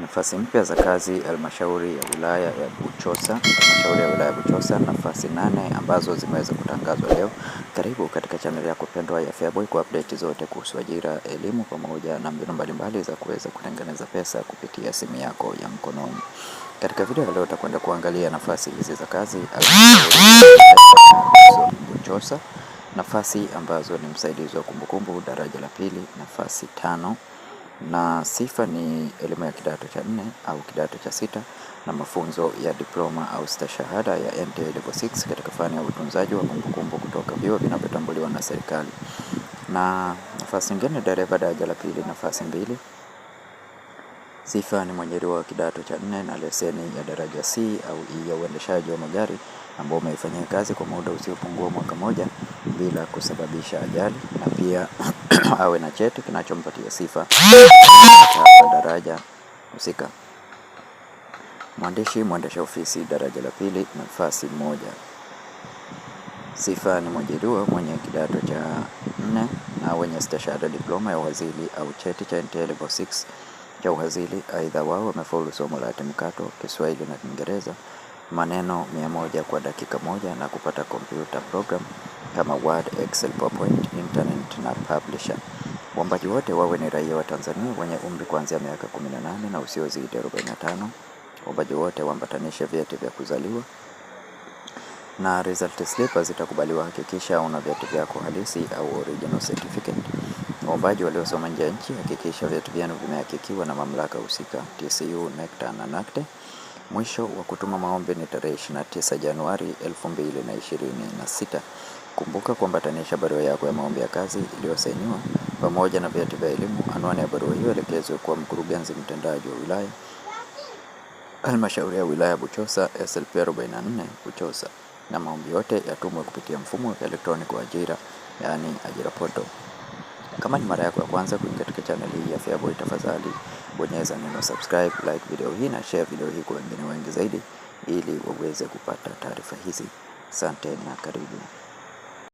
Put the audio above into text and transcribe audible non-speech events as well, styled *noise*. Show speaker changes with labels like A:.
A: Nafasi mpya za kazi halmashauri ya wilaya ya Buchosa. Halmashauri ya wilaya ya Buchosa, nafasi nane ambazo zimeweza kutangazwa leo. Karibu katika chaneli yako pendwa ya FEABOY kwa update zote kuhusu ajira, elimu pamoja na mbinu mbalimbali za kuweza kutengeneza pesa kupitia simu yako ya mkononi. Katika video ya leo utakwenda kuangalia nafasi hizi za kazi Buchosa, nafasi ambazo ni msaidizi wa kumbukumbu daraja la pili, nafasi tano na sifa ni elimu ya kidato cha nne au kidato cha sita na mafunzo ya diploma au stashahada ya NTA Level 6 katika fani ya utunzaji wa kumbukumbu kutoka vyuo vinavyotambuliwa na serikali. Na nafasi nyingine dereva daraja la pili, nafasi mbili. Sifa ni mwajiriwa wa kidato cha nne na leseni ya daraja C au E ya uendeshaji wa magari ambao umeifanyia kazi kwa muda usiopungua mwaka moja bila kusababisha ajali, na pia *clears throat* awe na cheti kinachompatia sifa daraja husika. Mwandishi mwendesha ofisi daraja la pili, nafasi moja. Sifa ni mwajiriwa mwenye kidato cha nne na wenye stashahada diploma ya uhazili au cheti cha NTA level 6 cha uhazili. Aidha, wao wamefaulu somo la hati mkato, Kiswahili na Kiingereza maneno moja kwa dakika moja na kupata kompyuta program kama Word, Excel, PowerPoint, Internet na Publisher. Waombaji wote wawe ni raia wa Tanzania wenye umri kuanzia miaka 18 na usiozidi 45. Waombaji wote waambatanishe vyeti vya kuzaliwa na result slip zitakubaliwa. Hakikisha una vyeti vyako halisi au original certificate. Waombaji waliosoma nje ya nchi, hakikisha vyeti vyenu vimehakikiwa na mamlaka husika TCU, NECTA na NACTE. Mwisho wa kutuma maombi ni tarehe 29 Januari 2026. Kumbuka kuambatanisha barua yako ya maombi ya kazi iliyosainiwa pamoja na vyeti vya elimu. Anwani ya barua hiyo elekezwe kwa mkurugenzi mtendaji wa wilaya, halmashauri ya wilaya Buchosa, SLP 44 Buchosa, na maombi yote yatumwe kupitia mfumo wa elektroniki wa ajira, yaani ajira poto. Kama ni mara yako ya kwanza kuingia katika chaneli hii ya Feaboy, tafadhali kubonyeza neno subscribe, like video hii na share video hii kwa wengine wengi zaidi, ili waweze kupata taarifa hizi. Asante na karibu.